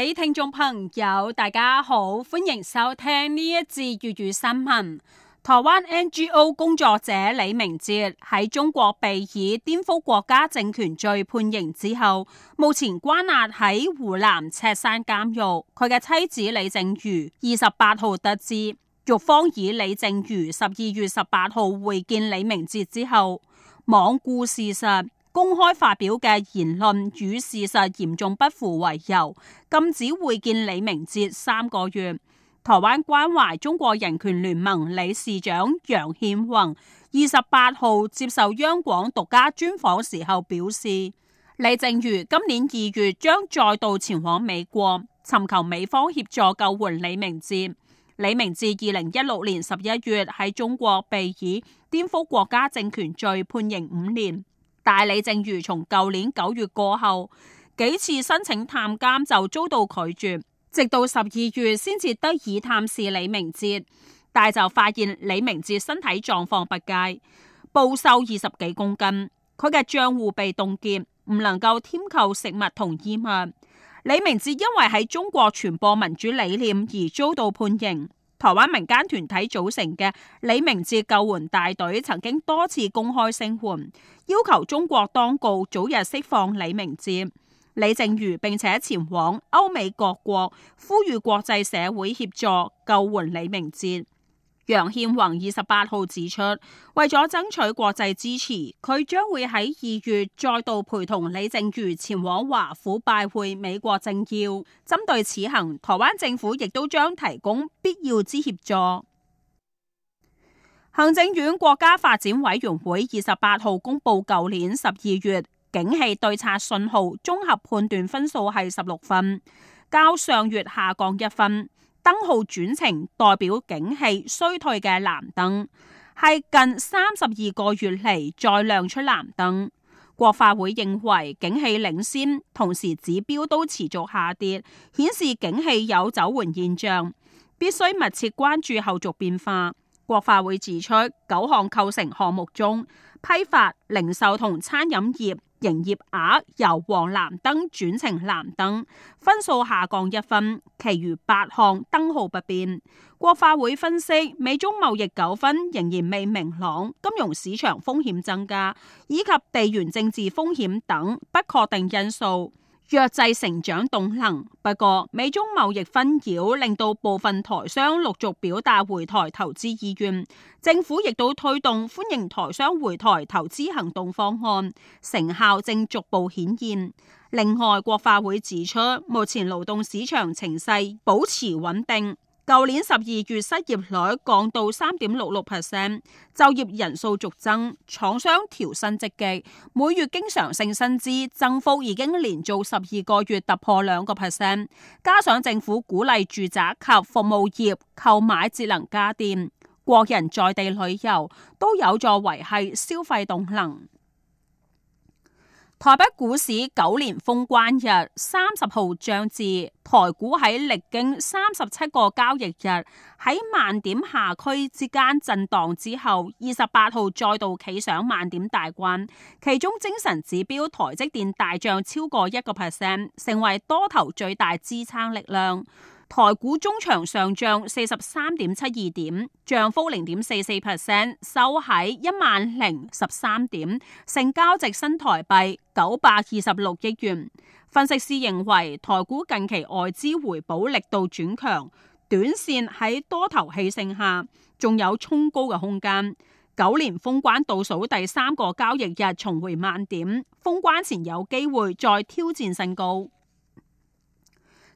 各位聽眾朋友，大家好，歡迎收聽呢一節粵語新聞。台灣 NGO 工作者李明哲喺中國被以顛覆國家政權罪判刑之後，目前關押喺湖南赤山監獄。佢嘅妻子李凈瑜二十八號得知，獄方以李凈瑜十二月十八號會見李明哲之後，罔顧事實，公開發表嘅言論與事實嚴重不符為由，禁止會見李明哲三個月。台灣關懷中國人權聯盟理事長楊憲宏二十八號接受央廣獨家專訪時候表示，李淨瑜今年二月將再度前往美國尋求美方協助救援李明哲。李明哲二零一六年十一月喺中國被以顛覆國家政權罪判刑五年。大李淨瑜從舊年九月過後幾次申請探監就遭到拒絕，直到十二月先至得以探視李明哲，但就發現李明哲身體狀況不佳，暴瘦二十幾公斤，佢嘅賬戶被凍結，唔能夠添購食物同衣物。李明哲因為喺中國傳播民主理念而遭到判刑。台灣民間團體組成嘅李明哲救援大隊曾經多次公開聲援，要求中國當局早日釋放李明哲、李淨瑜，並且前往歐美各國呼籲國際社會協助救援李明哲。楊憲宏二十八號指出，為咗爭取國際支持，佢將會喺二月再度陪同李凈瑜前往華府拜會美國政要。針對此行，台灣政府亦都將提供必要之協助。行政院國家發展委員會二十八號公布，舊年十二月景氣對策信號綜合判斷分數係十六分，較上月下降一分。燈號轉呈代表景氣衰退嘅藍燈，係近三十二個月嚟，再亮出藍燈。國發會認為景氣領先，同時指標都持續下跌，顯示景氣有走緩現象，必須密切關注後續變化。國發會指出，九項構成項目中，批發、零售同餐飲業。營業額由黃藍燈轉成藍燈，分數下降一分，其餘八項燈號不變。國發會分析，美中貿易糾紛仍然未明朗，金融市場風險增加，以及地緣政治風險等不確定因素。遏制成長動能，不過美中貿易紛擾令到部分台商陸續表達回台投資意願，政府亦都推動歡迎台商回台投資行動方案，成效正逐步顯現。另外，國發會指出，目前勞動市場情勢保持穩定。舊年十二月失業率降到三點六六 percent，就業人數逐增，廠商調薪積極，每月經常性薪資增幅已經連做十二個月突破兩個 percent，加上政府鼓勵住宅及服務業購買智能家電，國人在地旅遊都有助維繫消費動能。台北股市九年封關日，三十號漲至，台股喺歷經三十七個交易日，喺萬點下區之間震盪之後，二十八號再度企上萬點大關，其中精神指標台積電大漲超過一個 percent，成為多頭最大支撐力量。台股中場上漲四十三點七二點，漲幅零點四四 percent，收喺一萬零十三點，成交值新台幣九百二十六億元。分析師認為，台股近期外資回補力度轉強，短線喺多頭氣盛下，仲有衝高嘅空間。九年封關倒數第三個交易日重回萬點，封關前有機會再挑戰新高。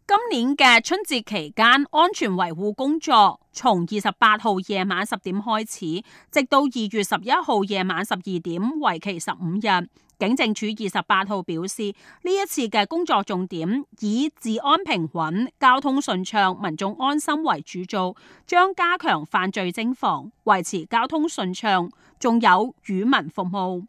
今年嘅春節期間安全維護工作從二十八號夜晚十點開始，直到二月十一號夜晚十二點，為期十五日。警政署二十八號表示，呢一次嘅工作重點以治安平穩、交通順暢、民眾安心為主，做將加強犯罪偵防，維持交通順暢，仲有與民服務。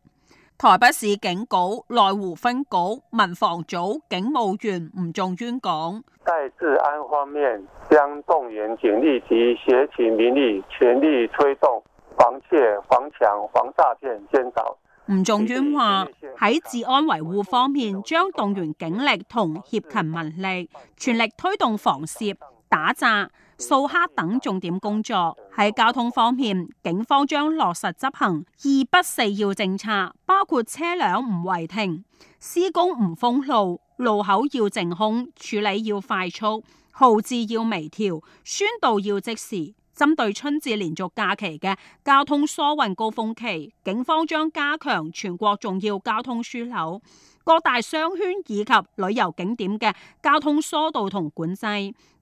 台北市警局內湖分局民防組警務員吳仲淵講：在治安方面將動員警力及協勤民力，全力推動防竊、防搶、防詐騙、宣導。吳仲淵話：喺治安維護方面將動員警力同協勤民力，全力推動防竊、打詐。掃黑等重點工作喺交通方面，警方將落實執行二不四要政策，包括車輛唔違停、施工唔封路、路口要淨空、處理要快速、號誌要微調、宣導要即時。針對春節連續假期嘅交通疏運高峰期，警方將加強全國重要交通樞紐。各大商圈以及旅遊景點嘅交通疏導同管制，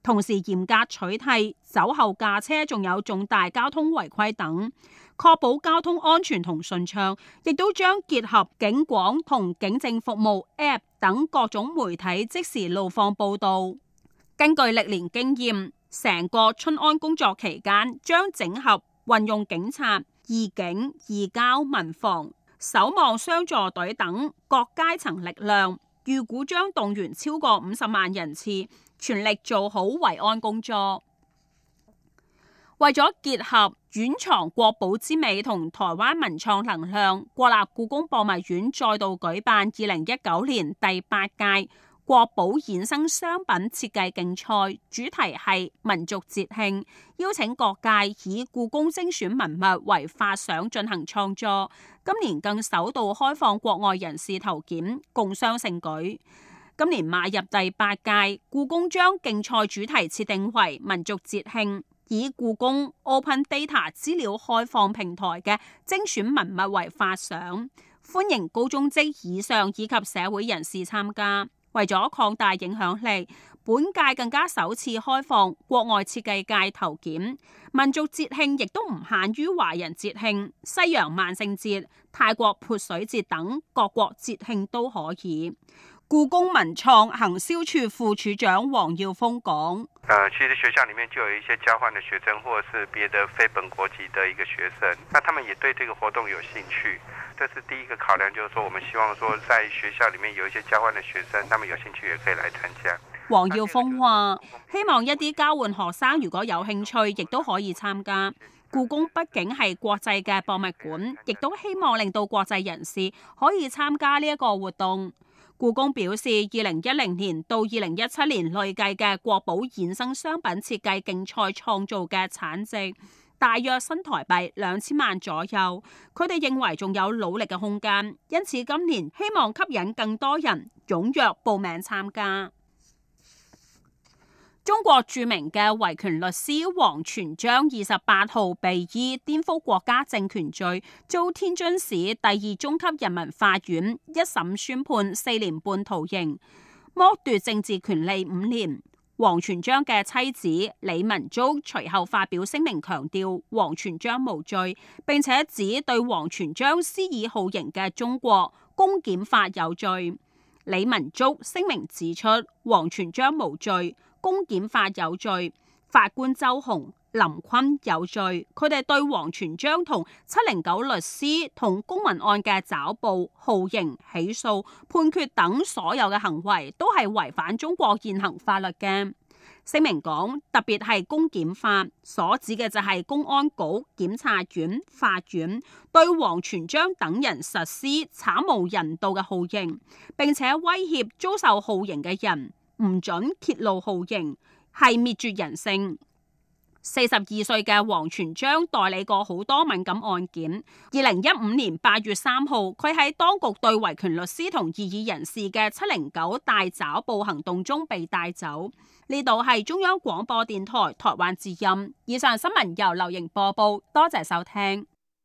同時嚴格取締酒後駕車，仲有重大交通違規等，確保交通安全同順暢。亦都將結合警廣同警政服務 App 等各種媒體即時路況報道。根據歷年經驗，成個春安工作期間將整合運用警察、義警、義交、民防。守望相助隊等各階層力量，預估將動員超過五十萬人次，全力做好維安工作。為咗結合院藏國寶之美同台灣文創能量，國立故宮博物院再度舉辦二零一九年第八屆。國寶衍生商品設計競賽主題係民族節慶，邀請各界以故宮精選文物為發想進行創作。今年更首度開放國外人士投件，共襄盛舉。今年邁入第八屆，故宮將競賽主題設定為民族節慶，以故宮 Open Data 資料開放平台嘅精選文物為發想，歡迎高中職以上以及社會人士參加。為咗擴大影響力，本屆更加首次開放國外設計界投件。民族節慶亦都唔限於華人節慶，西洋萬聖節、泰國潑水節等各國節慶都可以。故宮文創行銷處副處長黃耀峰講：誒，其實學校裏面就有一些交換嘅學生，或者是別的非本國籍的一個學生，那他們也對這個活動有興趣。這是第一個考量，就是說，我們希望說，在學校裏面有一些交換的學生，他們有興趣也可以來參加。黃耀峰話，希望一啲交換學生如果有興趣，亦都可以參加。故宮畢竟係國際嘅博物館，亦都希望令到國際人士可以參加呢一個活動。故宮表示，二零一零年到二零一七年累計嘅國寶衍生商品設計競賽創造嘅產值。大約新台幣兩千萬左右，佢哋認為仲有努力嘅空間，因此今年希望吸引更多人踴躍報名參加。中國著名嘅維權律師王全璋二十八號被以顛覆國家政權罪，遭天津市第二中級人民法院一審宣判四年半徒刑，剝奪政治權利五年。王全璋嘅妻子李文足隨後發表聲明，強調王全璋無罪，並且指對王全璋施以酷刑嘅中國公檢法有罪。李文足聲明指出，王全璋無罪，公檢法有罪。法官周紅。林坤有罪，佢哋對王全璋同七零九律師同公民案嘅抓捕、酷刑、起訴、判決等所有嘅行為都係違反中國現行法律嘅。聲明講，特別係公檢法所指嘅，就係公安局、檢察院、法院對王全璋等人實施慘無人道嘅酷刑，並且威脅遭受酷刑嘅人唔准揭露酷刑，係滅絕人性。四十二歲嘅王全璋代理過好多敏感案件。二零一五年八月三號，佢喺當局對維權律師同異議人士嘅七零九大抓捕行動中被帶走。呢度係中央廣播電台台灣之音。以上新聞由劉瑩播報，多謝收聽。